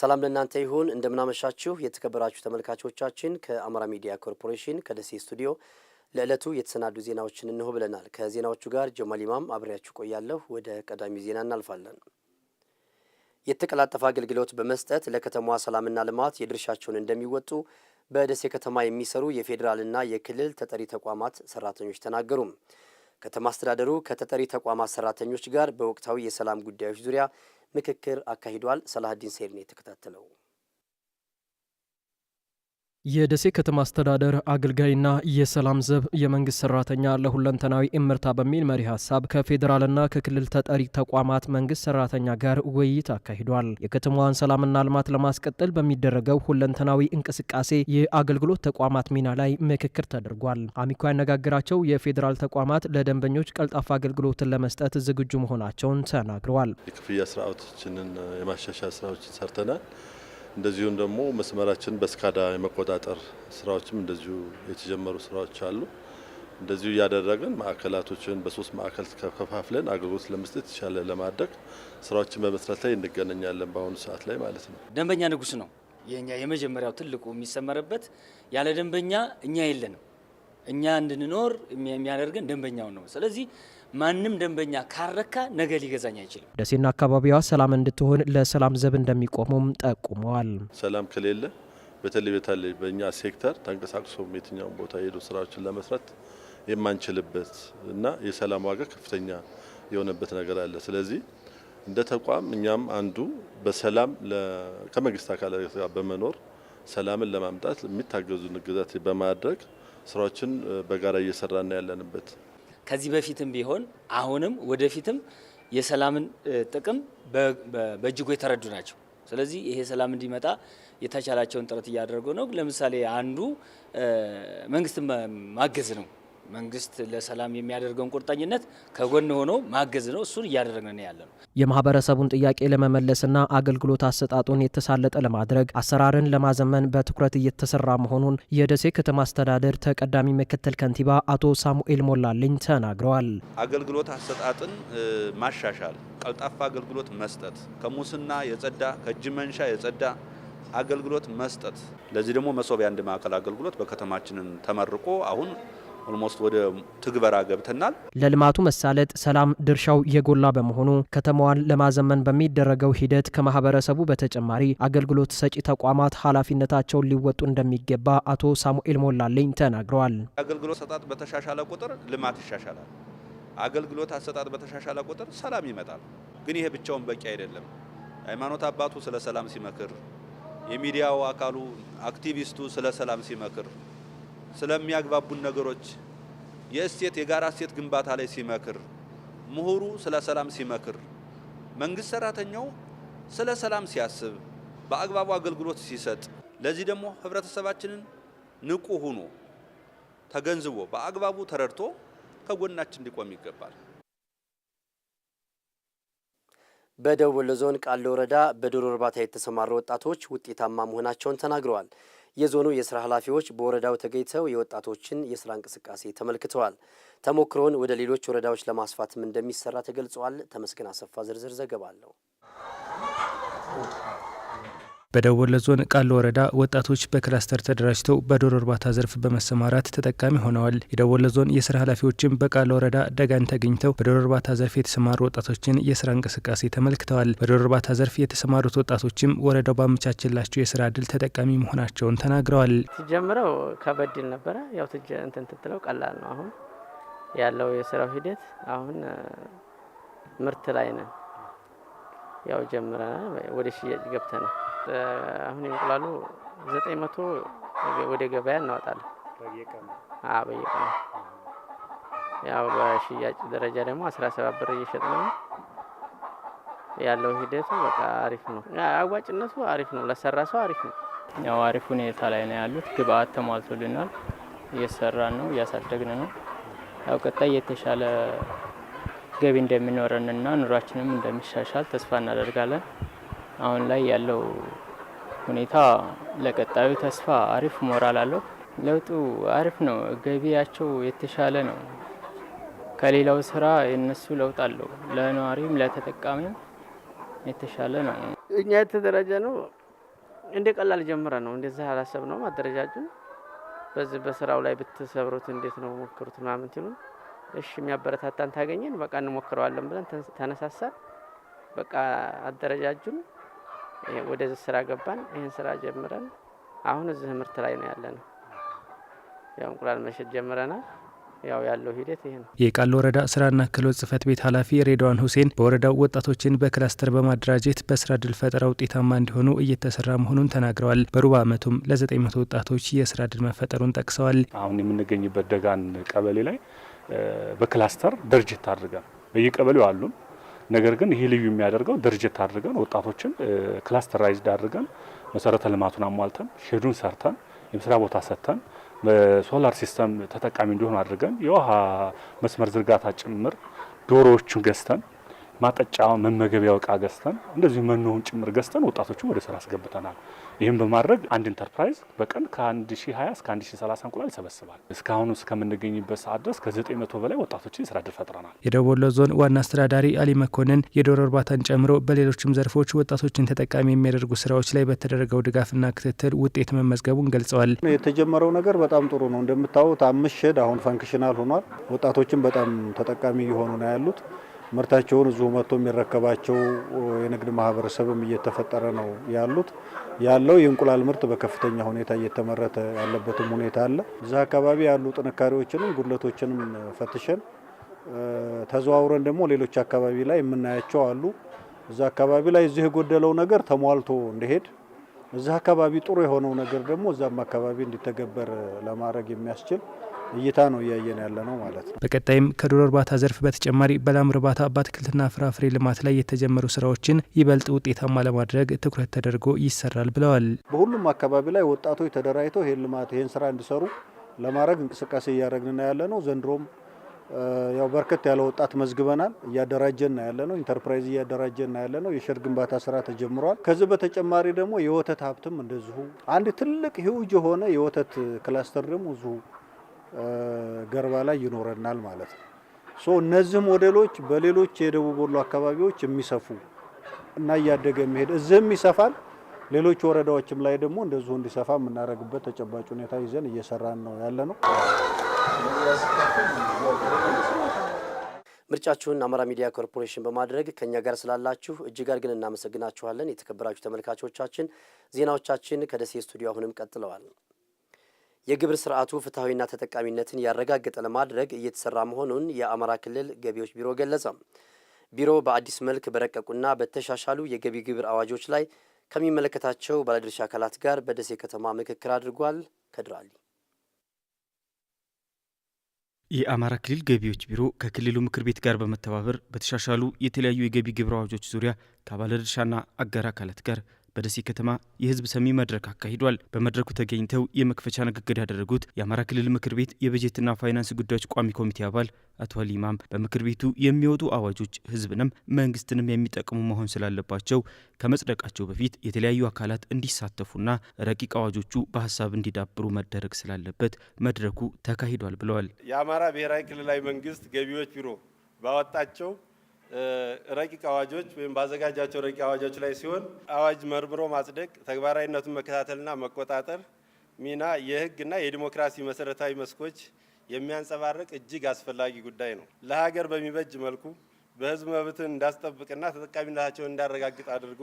ሰላም ለእናንተ ይሁን። እንደምናመሻችሁ የተከበራችሁ ተመልካቾቻችን፣ ከአማራ ሚዲያ ኮርፖሬሽን ከደሴ ስቱዲዮ ለዕለቱ የተሰናዱ ዜናዎችን እንሆ ብለናል። ከዜናዎቹ ጋር ጀማል ኢማም አብሬያችሁ ቆያለሁ። ወደ ቀዳሚ ዜና እናልፋለን። የተቀላጠፈ አገልግሎት በመስጠት ለከተማዋ ሰላምና ልማት የድርሻቸውን እንደሚወጡ በደሴ ከተማ የሚሰሩ የፌዴራልና የክልል ተጠሪ ተቋማት ሰራተኞች ተናገሩም። ከተማ አስተዳደሩ ከተጠሪ ተቋማት ሰራተኞች ጋር በወቅታዊ የሰላም ጉዳዮች ዙሪያ ምክክር አካሂዷል። ሰላሀዲን ሰይድ የተከታተለው። የደሴ ከተማ አስተዳደር አገልጋይና የሰላም ዘብ የመንግስት ሰራተኛ ለሁለንተናዊ እምርታ በሚል መሪ ሀሳብ ከፌዴራልና ከክልል ተጠሪ ተቋማት መንግስት ሰራተኛ ጋር ውይይት አካሂዷል። የከተማዋን ሰላምና ልማት ለማስቀጠል በሚደረገው ሁለንተናዊ እንቅስቃሴ የአገልግሎት ተቋማት ሚና ላይ ምክክር ተደርጓል። አሚኮ ያነጋገራቸው የፌዴራል ተቋማት ለደንበኞች ቀልጣፋ አገልግሎትን ለመስጠት ዝግጁ መሆናቸውን ተናግረዋል። የክፍያ ስርዓቶችንን የማሻሻያ ስራዎችን ሰርተናል። እንደዚሁም ደግሞ መስመራችን በስካዳ የመቆጣጠር ስራዎችም እንደዚሁ የተጀመሩ ስራዎች አሉ። እንደዚሁ እያደረግን ማዕከላቶችን በሶስት ማዕከል ከፋፍለን አገልግሎት ለመስጠት የተሻለ ለማድረግ ስራዎችን በመስራት ላይ እንገናኛለን በአሁኑ ሰዓት ላይ ማለት ነው። ደንበኛ ንጉስ ነው። የኛ የመጀመሪያው ትልቁ የሚሰመርበት ያለ ደንበኛ እኛ የለንም። እኛ እንድንኖር የሚያደርገን ደንበኛውን ነው። ስለዚህ ማንም ደንበኛ ካረካ ነገ ሊገዛኝ አይችልም። ደሴና አካባቢዋ ሰላም እንድትሆን ለሰላም ዘብ እንደሚቆሙም ጠቁመዋል። ሰላም ከሌለ በተለይ በተለይ በእኛ ሴክተር ተንቀሳቅሶ የትኛውን ቦታ ሄዶ ስራዎችን ለመስራት የማንችልበት እና የሰላም ዋጋ ከፍተኛ የሆነበት ነገር አለ። ስለዚህ እንደ ተቋም እኛም አንዱ በሰላም ከመንግስት አካላት ጋር በመኖር ሰላምን ለማምጣት የሚታገዙን ግዛት በማድረግ ስራዎችን በጋራ እየሰራን ያለንበት ከዚህ በፊትም ቢሆን አሁንም ወደፊትም የሰላምን ጥቅም በእጅጉ የተረዱ ናቸው። ስለዚህ ይሄ ሰላም እንዲመጣ የተቻላቸውን ጥረት እያደረጉ ነው። ለምሳሌ አንዱ መንግስትን ማገዝ ነው። መንግስት ለሰላም የሚያደርገውን ቁርጠኝነት ከጎን ሆኖ ማገዝ ነው። እሱን እያደረግን ያለ ነው። የማህበረሰቡን ጥያቄ ለመመለስና አገልግሎት አሰጣጡን የተሳለጠ ለማድረግ አሰራርን ለማዘመን በትኩረት እየተሰራ መሆኑን የደሴ ከተማ አስተዳደር ተቀዳሚ ምክትል ከንቲባ አቶ ሳሙኤል ሞላልኝ ተናግረዋል። አገልግሎት አሰጣጥን ማሻሻል፣ ቀልጣፋ አገልግሎት መስጠት፣ ከሙስና የጸዳ ከእጅ መንሻ የጸዳ አገልግሎት መስጠት። ለዚህ ደግሞ መሶብ የአንድ ማዕከል አገልግሎት በከተማችንን ተመርቆ አሁን ኦልሞስት ወደ ትግበራ ገብተናል። ለልማቱ መሳለጥ ሰላም ድርሻው የጎላ በመሆኑ ከተማዋን ለማዘመን በሚደረገው ሂደት ከማህበረሰቡ በተጨማሪ አገልግሎት ሰጪ ተቋማት ኃላፊነታቸውን ሊወጡ እንደሚገባ አቶ ሳሙኤል ሞላለኝ ተናግረዋል። አገልግሎት አሰጣጥ በተሻሻለ ቁጥር ልማት ይሻሻላል። አገልግሎት አሰጣጥ በተሻሻለ ቁጥር ሰላም ይመጣል። ግን ይሄ ብቻውን በቂ አይደለም። ሃይማኖት አባቱ ስለ ሰላም ሲመክር፣ የሚዲያው አካሉ አክቲቪስቱ ስለ ሰላም ሲመክር ስለሚያግባቡን ነገሮች የእሴት የጋራ እሴት ግንባታ ላይ ሲመክር፣ ምሁሩ ስለ ሰላም ሲመክር፣ መንግስት ሰራተኛው ስለ ሰላም ሲያስብ፣ በአግባቡ አገልግሎት ሲሰጥ፣ ለዚህ ደግሞ ህብረተሰባችንን ንቁ ሆኖ ተገንዝቦ በአግባቡ ተረድቶ ከጎናችን እንዲቆም ይገባል። በደቡብ ወሎ ዞን ቃለ ወረዳ በዶሮ እርባታ የተሰማሩ ወጣቶች ውጤታማ መሆናቸውን ተናግረዋል። የዞኑ የስራ ኃላፊዎች በወረዳው ተገኝተው የወጣቶችን የስራ እንቅስቃሴ ተመልክተዋል። ተሞክሮን ወደ ሌሎች ወረዳዎች ለማስፋትም እንደሚሰራ ተገልጸዋል። ተመስገን አሰፋ ዝርዝር ዘገባ አለው። በደቡብ ወሎ ዞን ቃሉ ወረዳ ወጣቶች በክላስተር ተደራጅተው በዶሮ እርባታ ዘርፍ በመሰማራት ተጠቃሚ ሆነዋል። የደቡብ ወሎ ዞን የስራ ኃላፊዎችም በቃሉ ወረዳ ደጋን ተገኝተው በዶሮ እርባታ ዘርፍ የተሰማሩ ወጣቶችን የስራ እንቅስቃሴ ተመልክተዋል። በዶሮ እርባታ ዘርፍ የተሰማሩት ወጣቶችም ወረዳው ባመቻችላቸው የስራ እድል ተጠቃሚ መሆናቸውን ተናግረዋል። ሲጀምረው ከበድ ይል ነበረ። ያው እንትን ትትለው ቀላል ነው። አሁን ያለው የስራው ሂደት አሁን ምርት ላይ ነን። ያው ጀምረናል። ወደ ሽያጭ ገብተናል። አሁን እንቁላሉ ዘጠኝ መቶ ወደ ገበያ እናወጣለን። በየቀኑ ያው በሽያጭ ደረጃ ደግሞ አስራ ሰባት ብር እየሸጥ ነው ያለው። ሂደቱ በቃ አሪፍ ነው። አዋጭነቱ አሪፍ ነው። ለሰራ ሰው አሪፍ ነው። ያው አሪፍ ሁኔታ ላይ ነው ያሉት። ግብአት ተሟልቶልናል። እየሰራን ነው፣ እያሳደግን ነው። ያው ቀጣይ የተሻለ ገቢ እንደሚኖረንና ኑሯችንም እንደሚሻሻል ተስፋ እናደርጋለን። አሁን ላይ ያለው ሁኔታ ለቀጣዩ ተስፋ አሪፍ ሞራል አለው። ለውጡ አሪፍ ነው። ገቢያቸው የተሻለ ነው። ከሌላው ስራ የነሱ ለውጥ አለው። ለነዋሪም ለተጠቃሚም የተሻለ ነው። እኛ የተደራጀ ነው እንደ ቀላል ጀምረ ነው እንደዚ አላሰብ ነው አደረጃጁን በዚህ በስራው ላይ ብትሰብሩት እንዴት ነው ሞክሩት ምናምን ሲሉ እሺ የሚያበረታታን ታገኘን፣ በቃ እንሞክረዋለን ብለን ተነሳሳን። በቃ አደረጃጁን ወደዚህ ስራ ገባን። ይህን ስራ ጀምረን አሁን እዚህ ምርት ላይ ነው ያለ ነው። ያው እንቁላል መሸጥ ጀምረናል። ያው ያለው ሂደት ይሄ ነው። የቃል ወረዳ ስራና ክህሎት ጽህፈት ቤት ኃላፊ ሬድዋን ሁሴን በወረዳው ወጣቶችን በክላስተር በማደራጀት በስራ እድል ፈጠራ ውጤታማ እንዲሆኑ እየተሰራ መሆኑን ተናግረዋል። በሩብ ዓመቱም ለ900 ወጣቶች የስራ እድል መፈጠሩን ጠቅሰዋል። አሁን የምንገኝበት ደጋን ቀበሌ ላይ በክላስተር ድርጅት አድርገን በየቀበሌው አሉን ነገር ግን ይህ ልዩ የሚያደርገው ድርጅት አድርገን ወጣቶችን ክላስተራይዝድ አድርገን መሰረተ ልማቱን አሟልተን ሼዱን ሰርተን የምስራ ቦታ ሰጥተን በሶላር ሲስተም ተጠቃሚ እንዲሆን አድርገን የውሃ መስመር ዝርጋታ ጭምር ዶሮዎቹን ገዝተን ማጠጫ መመገቢያ እቃ ገዝተን እንደዚሁ መኖውን ጭምር ገዝተን ወጣቶችን ወደ ስራ አስገብተናል። ይህም በማድረግ አንድ ኢንተርፕራይዝ በቀን ከ1020 እስከ 1030 እንቁላል ይሰበስባል። እስካሁኑ እስከምንገኝበት ሰዓት ድረስ ከ900 በላይ ወጣቶችን የስራ እድል ፈጥረናል። የደቡብ ወሎ ዞን ዋና አስተዳዳሪ አሊ መኮንን የዶሮ እርባታን ጨምሮ በሌሎችም ዘርፎች ወጣቶችን ተጠቃሚ የሚያደርጉ ስራዎች ላይ በተደረገው ድጋፍና ክትትል ውጤት መመዝገቡን ገልጸዋል። የተጀመረው ነገር በጣም ጥሩ ነው። እንደምታዩት አምስት ሼድ አሁን ፈንክሽናል ሆኗል። ወጣቶችን በጣም ተጠቃሚ እየሆኑ ነው ያሉት። ምርታቸውን እዙ መጥቶ የሚረከባቸው የንግድ ማህበረሰብም እየተፈጠረ ነው ያሉት ያለው የእንቁላል ምርት በከፍተኛ ሁኔታ እየተመረተ ያለበትም ሁኔታ አለ። እዛ አካባቢ ያሉ ጥንካሬዎችንም ጉድለቶችንም ፈትሸን ተዘዋውረን ደግሞ ሌሎች አካባቢ ላይ የምናያቸው አሉ። እዛ አካባቢ ላይ እዚህ የጎደለው ነገር ተሟልቶ እንዲሄድ እዛ አካባቢ ጥሩ የሆነው ነገር ደግሞ እዛም አካባቢ እንዲተገበር ለማድረግ የሚያስችል እይታ ነው እያየን ያለ ነው ማለት ነው። በቀጣይም ከዶሮ እርባታ ዘርፍ በተጨማሪ በላም እርባታ፣ በአትክልትና ፍራፍሬ ልማት ላይ የተጀመሩ ስራዎችን ይበልጥ ውጤታማ ለማድረግ ትኩረት ተደርጎ ይሰራል ብለዋል። በሁሉም አካባቢ ላይ ወጣቶች ተደራጅተው ይህን ልማት ይህን ስራ እንዲሰሩ ለማድረግ እንቅስቃሴ እያደረግንና ያለ ነው። ዘንድሮም ያው በርከት ያለ ወጣት መዝግበናል። እያደራጀና ያለ ነው። ኢንተርፕራይዝ እያደራጀና ያለ ነው። የሸድ ግንባታ ስራ ተጀምሯል። ከዚህ በተጨማሪ ደግሞ የወተት ሀብትም እንደዚሁ አንድ ትልቅ ህውጅ የሆነ የወተት ክላስተር ደግሞ እዚሁ ገርባ ላይ ይኖረናል ማለት ነው። ሶ እነዚህ ሞዴሎች በሌሎች የደቡብ ወሎ አካባቢዎች የሚሰፉ እና እያደገ መሄድ እዚህም ይሰፋል፣ ሌሎች ወረዳዎችም ላይ ደግሞ እንደዚሁ እንዲሰፋ የምናደርግበት ተጨባጭ ሁኔታ ይዘን እየሰራን ነው ያለ ነው። ምርጫችሁን አማራ ሚዲያ ኮርፖሬሽን በማድረግ ከእኛ ጋር ስላላችሁ እጅግ አድርገን እናመሰግናችኋለን። የተከበራችሁ ተመልካቾቻችን ዜናዎቻችን ከደሴ ስቱዲዮ አሁንም ቀጥለዋል። የግብር ስርዓቱ ፍትሐዊና ተጠቃሚነትን ያረጋገጠ ለማድረግ እየተሰራ መሆኑን የአማራ ክልል ገቢዎች ቢሮ ገለጸ። ቢሮ በአዲስ መልክ በረቀቁና በተሻሻሉ የገቢ ግብር አዋጆች ላይ ከሚመለከታቸው ባለድርሻ አካላት ጋር በደሴ ከተማ ምክክር አድርጓል። ከድራሊ የአማራ ክልል ገቢዎች ቢሮ ከክልሉ ምክር ቤት ጋር በመተባበር በተሻሻሉ የተለያዩ የገቢ ግብር አዋጆች ዙሪያ ከባለድርሻና አጋር አካላት ጋር በደሴ ከተማ የህዝብ ሰሚ መድረክ አካሂዷል። በመድረኩ ተገኝተው የመክፈቻ ንግግር ያደረጉት የአማራ ክልል ምክር ቤት የበጀትና ፋይናንስ ጉዳዮች ቋሚ ኮሚቴ አባል አቶ አሊ ኢማም በምክር ቤቱ የሚወጡ አዋጆች ህዝብንም መንግስትንም የሚጠቅሙ መሆን ስላለባቸው ከመጽደቃቸው በፊት የተለያዩ አካላት እንዲሳተፉና ረቂቅ አዋጆቹ በሀሳብ እንዲዳብሩ መደረግ ስላለበት መድረኩ ተካሂዷል ብለዋል። የአማራ ብሔራዊ ክልላዊ መንግስት ገቢዎች ቢሮ ባወጣቸው ረቂቅ አዋጆች ወይም ባዘጋጃቸው ረቂቅ አዋጆች ላይ ሲሆን አዋጅ መርምሮ ማጽደቅ፣ ተግባራዊነቱን መከታተልና መቆጣጠር ሚና የህግና የዲሞክራሲ መሰረታዊ መስኮች የሚያንጸባርቅ እጅግ አስፈላጊ ጉዳይ ነው። ለሀገር በሚበጅ መልኩ በህዝብ መብትን እንዳስጠብቅና ተጠቃሚነታቸውን እንዳረጋግጥ አድርጎ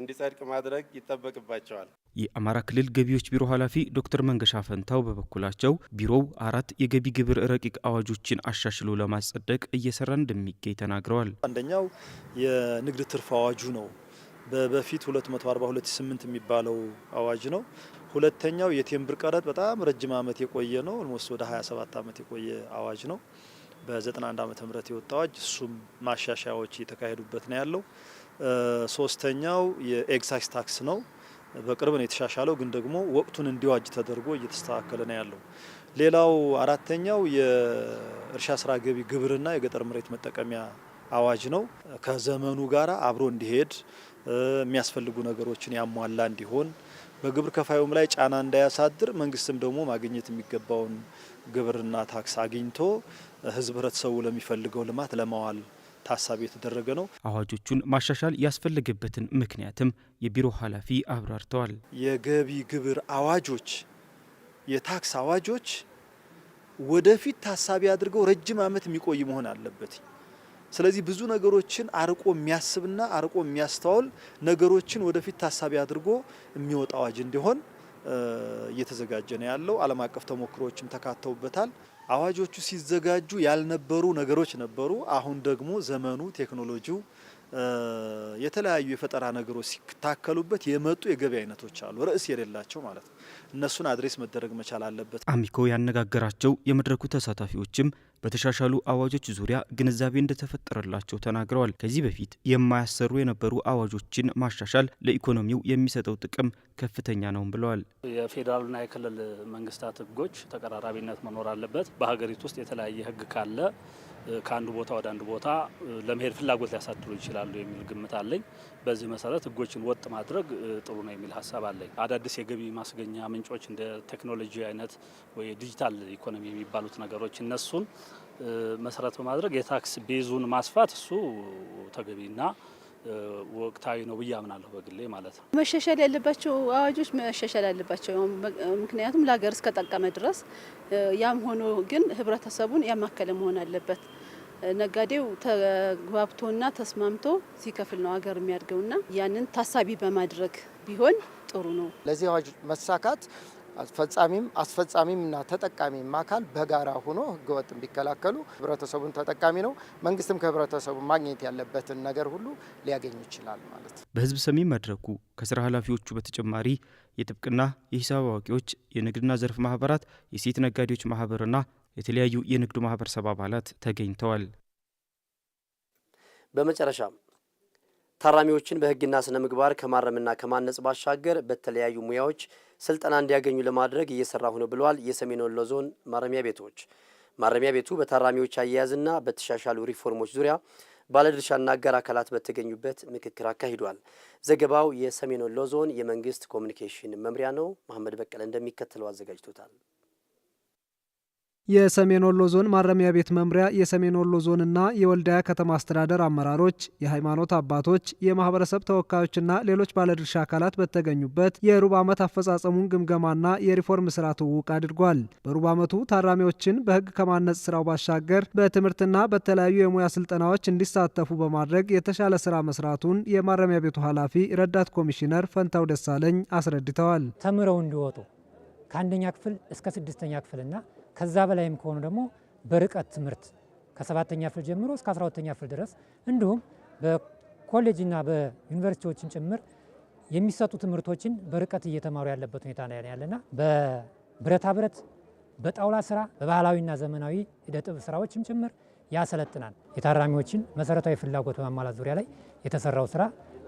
እንዲጸድቅ ማድረግ ይጠበቅባቸዋል። የአማራ ክልል ገቢዎች ቢሮ ኃላፊ ዶክተር መንገሻ ፈንታው በበኩላቸው ቢሮው አራት የገቢ ግብር ረቂቅ አዋጆችን አሻሽሎ ለማጸደቅ እየሰራ እንደሚገኝ ተናግረዋል። አንደኛው የንግድ ትርፍ አዋጁ ነው። በፊት 2428 የሚባለው አዋጅ ነው። ሁለተኛው የቴምብር ቀረጥ በጣም ረጅም ዓመት የቆየ ነው። ኦልሞስት ወደ 27 ዓመት የቆየ አዋጅ ነው። በ91 ዓመተ ምህረት የወጣዋጅ እሱም ማሻሻያዎች እየተካሄዱበት ነው ያለው። ሶስተኛው የኤክሳይዝ ታክስ ነው። በቅርብ ነው የተሻሻለው፣ ግን ደግሞ ወቅቱን እንዲዋጅ ተደርጎ እየተስተካከለ ነው ያለው። ሌላው አራተኛው የእርሻ ስራ ገቢ ግብርና የገጠር መሬት መጠቀሚያ አዋጅ ነው። ከዘመኑ ጋር አብሮ እንዲሄድ የሚያስፈልጉ ነገሮችን ያሟላ እንዲሆን በግብር ከፋዩም ላይ ጫና እንዳያሳድር መንግስትም ደግሞ ማግኘት የሚገባውን ግብርና ታክስ አግኝቶ ህዝብ ህብረተሰቡ ለሚፈልገው ልማት ለማዋል ታሳቢ የተደረገ ነው። አዋጆቹን ማሻሻል ያስፈለገበትን ምክንያትም የቢሮ ኃላፊ አብራርተዋል። የገቢ ግብር አዋጆች፣ የታክስ አዋጆች ወደፊት ታሳቢ አድርገው ረጅም ዓመት የሚቆይ መሆን አለበት። ስለዚህ ብዙ ነገሮችን አርቆ የሚያስብና አርቆ የሚያስተዋል ነገሮችን ወደፊት ታሳቢ አድርጎ የሚወጣ አዋጅ እንዲሆን እየተዘጋጀ ነው ያለው። ዓለም አቀፍ ተሞክሮዎችም ተካተውበታል። አዋጆቹ ሲዘጋጁ ያልነበሩ ነገሮች ነበሩ። አሁን ደግሞ ዘመኑ ቴክኖሎጂው የተለያዩ የፈጠራ ነገሮች ሲታከሉበት የመጡ የገበያ አይነቶች አሉ፣ ርዕስ የሌላቸው ማለት ነው። እነሱን አድሬስ መደረግ መቻል አለበት። አሚኮ ያነጋገራቸው የመድረኩ ተሳታፊዎችም በተሻሻሉ አዋጆች ዙሪያ ግንዛቤ እንደተፈጠረላቸው ተናግረዋል። ከዚህ በፊት የማያሰሩ የነበሩ አዋጆችን ማሻሻል ለኢኮኖሚው የሚሰጠው ጥቅም ከፍተኛ ነው ብለዋል። የፌዴራልና የክልል መንግስታት ህጎች ተቀራራቢነት መኖር አለበት። በሀገሪቱ ውስጥ የተለያየ ህግ ካለ ከአንዱ ቦታ ወደ አንዱ ቦታ ለመሄድ ፍላጎት ሊያሳድሩ ይችላሉ የሚል ግምት አለኝ። በዚህ መሰረት ህጎችን ወጥ ማድረግ ጥሩ ነው የሚል ሀሳብ አለኝ። አዳዲስ የገቢ ማስገኛ ምንጮች እንደ ቴክኖሎጂ አይነት ወይ ዲጂታል ኢኮኖሚ የሚባሉት ነገሮች እነሱን መሰረት በማድረግ የታክስ ቤዙን ማስፋት እሱ ተገቢና ወቅታዊ ነው ብዬ አምናለሁ በግሌ ማለት ነው። መሻሻል ያለባቸው አዋጆች መሻሻል ያለባቸው ምክንያቱም ለሀገር እስከጠቀመ ድረስ ያም ሆኖ ግን ህብረተሰቡን ያማከለ መሆን አለበት። ነጋዴው ተግባብቶና ተስማምቶ ሲከፍል ነው ሀገር የሚያድገውና ያንን ታሳቢ በማድረግ ቢሆን ጥሩ ነው ለዚህ አዋጅ መሳካት አስፈጻሚም አስፈጻሚምና ተጠቃሚም አካል በጋራ ሆኖ ህገወጥ ቢከላከሉ ህብረተሰቡን ተጠቃሚ ነው። መንግስትም ከህብረተሰቡ ማግኘት ያለበትን ነገር ሁሉ ሊያገኝ ይችላል ማለት ነው። በህዝብ ሰሚ መድረኩ ከስራ ኃላፊዎቹ በተጨማሪ የጥብቅና የሂሳብ አዋቂዎች፣ የንግድና ዘርፍ ማህበራት፣ የሴት ነጋዴዎች ማህበርና የተለያዩ የንግዱ ማህበረሰብ አባላት ተገኝተዋል። በመጨረሻም ታራሚዎችን በህግና ስነ ምግባር ከማረምና ከማነጽ ባሻገር በተለያዩ ሙያዎች ስልጠና እንዲያገኙ ለማድረግ እየሰራሁ ነው ብለዋል የሰሜን ወሎ ዞን ማረሚያ ቤቶች። ማረሚያ ቤቱ በታራሚዎች አያያዝና በተሻሻሉ ሪፎርሞች ዙሪያ ባለድርሻና አጋር አካላት በተገኙበት ምክክር አካሂዷል። ዘገባው የሰሜን ወሎ ዞን የመንግስት ኮሚኒኬሽን መምሪያ ነው። መሐመድ በቀለ እንደሚከተለው አዘጋጅቶታል። የሰሜን ወሎ ዞን ማረሚያ ቤት መምሪያ የሰሜን ወሎ ዞንና የወልዳያ ከተማ አስተዳደር አመራሮች፣ የሃይማኖት አባቶች፣ የማህበረሰብ ተወካዮችና ሌሎች ባለድርሻ አካላት በተገኙበት የሩብ ዓመት አፈጻጸሙን ግምገማና የሪፎርም ስራ ትውውቅ አድርጓል። በሩብ ዓመቱ ታራሚዎችን በህግ ከማነጽ ስራው ባሻገር በትምህርትና በተለያዩ የሙያ ስልጠናዎች እንዲሳተፉ በማድረግ የተሻለ ስራ መስራቱን የማረሚያ ቤቱ ኃላፊ ረዳት ኮሚሽነር ፈንታው ደሳለኝ አስረድተዋል። ተምረው እንዲወጡ ከአንደኛ ክፍል እስከ ስድስተኛ ክፍልና ከዛ በላይም ከሆኑ ደግሞ በርቀት ትምህርት ከሰባተኛ ክፍል ጀምሮ እስከ አስራ ሁለተኛ ክፍል ድረስ እንዲሁም በኮሌጅና በዩኒቨርሲቲዎችን ጭምር የሚሰጡ ትምህርቶችን በርቀት እየተማሩ ያለበት ሁኔታ ነው ያለና በብረታ ብረት፣ በጣውላ ስራ፣ በባህላዊና ዘመናዊ ዕደ ጥበብ ስራዎችም ጭምር ያሰለጥናል። የታራሚዎችን መሰረታዊ ፍላጎት በማሟላት ዙሪያ ላይ የተሰራው ስራ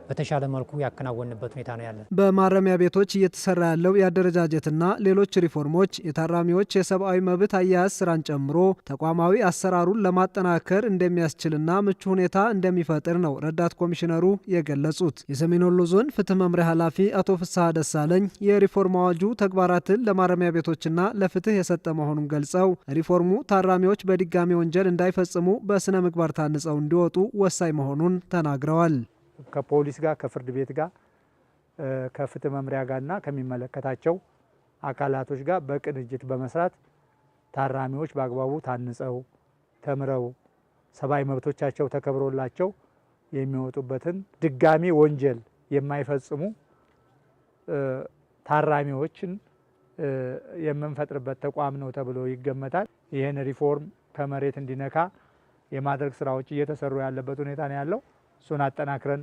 በተሻለ መልኩ ያከናወንበት ሁኔታ ነው ያለን። በማረሚያ ቤቶች እየተሰራ ያለው የአደረጃጀትና ሌሎች ሪፎርሞች የታራሚዎች የሰብአዊ መብት አያያዝ ስራን ጨምሮ ተቋማዊ አሰራሩን ለማጠናከር እንደሚያስችልና ምቹ ሁኔታ እንደሚፈጥር ነው ረዳት ኮሚሽነሩ የገለጹት። የሰሜን ወሎ ዞን ፍትህ መምሪያ ኃላፊ አቶ ፍስሐ ደሳለኝ የሪፎርም አዋጁ ተግባራትን ለማረሚያ ቤቶችና ለፍትህ የሰጠ መሆኑን ገልጸው ሪፎርሙ ታራሚዎች በድጋሚ ወንጀል እንዳይፈጽሙ በስነ ምግባር ታንጸው እንዲወጡ ወሳኝ መሆኑን ተናግረዋል። ከፖሊስ ጋር ከፍርድ ቤት ጋር ከፍትህ መምሪያ ጋርና ከሚመለከታቸው አካላቶች ጋር በቅንጅት በመስራት ታራሚዎች በአግባቡ ታንጸው ተምረው ሰብአዊ መብቶቻቸው ተከብሮላቸው የሚወጡበትን ድጋሚ ወንጀል የማይፈጽሙ ታራሚዎችን የምንፈጥርበት ተቋም ነው ተብሎ ይገመታል። ይህን ሪፎርም ከመሬት እንዲነካ የማድረግ ስራዎች እየተሰሩ ያለበት ሁኔታ ነው ያለው። እሱን አጠናክረን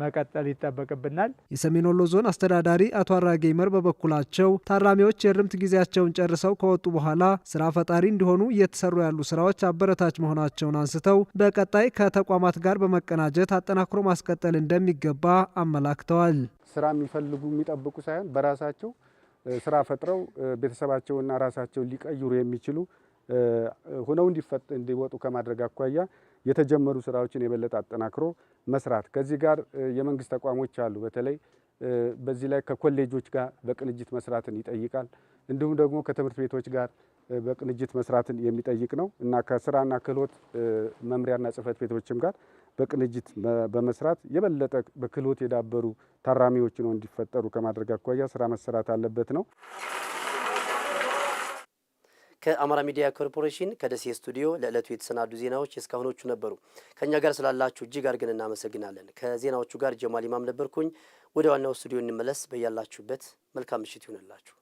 መቀጠል ይጠበቅብናል። የሰሜን ወሎ ዞን አስተዳዳሪ አቶ አራጌ መር በበኩላቸው ታራሚዎች የእርምት ጊዜያቸውን ጨርሰው ከወጡ በኋላ ስራ ፈጣሪ እንዲሆኑ እየተሰሩ ያሉ ስራዎች አበረታች መሆናቸውን አንስተው በቀጣይ ከተቋማት ጋር በመቀናጀት አጠናክሮ ማስቀጠል እንደሚገባ አመላክተዋል። ስራ የሚፈልጉ የሚጠብቁ ሳይሆን በራሳቸው ስራ ፈጥረው ቤተሰባቸውና ራሳቸውን ሊቀይሩ የሚችሉ ሆነው እንዲወጡ ከማድረግ አኳያ የተጀመሩ ስራዎችን የበለጠ አጠናክሮ መስራት። ከዚህ ጋር የመንግስት ተቋሞች አሉ። በተለይ በዚህ ላይ ከኮሌጆች ጋር በቅንጅት መስራትን ይጠይቃል። እንዲሁም ደግሞ ከትምህርት ቤቶች ጋር በቅንጅት መስራትን የሚጠይቅ ነው እና ከስራና ክህሎት መምሪያና ጽህፈት ቤቶችም ጋር በቅንጅት በመስራት የበለጠ በክህሎት የዳበሩ ታራሚዎች ነው እንዲፈጠሩ ከማድረግ አኳያ ስራ መሰራት አለበት ነው። ከአማራ ሚዲያ ኮርፖሬሽን ከደሴ ስቱዲዮ ለዕለቱ የተሰናዱ ዜናዎች እስካሁኖቹ ነበሩ። ከእኛ ጋር ስላላችሁ እጅግ አድርገን እናመሰግናለን። ከዜናዎቹ ጋር ጀማል ኢማም ነበርኩኝ። ወደ ዋናው ስቱዲዮ እንመለስ። በያላችሁበት መልካም ምሽት ይሁንላችሁ።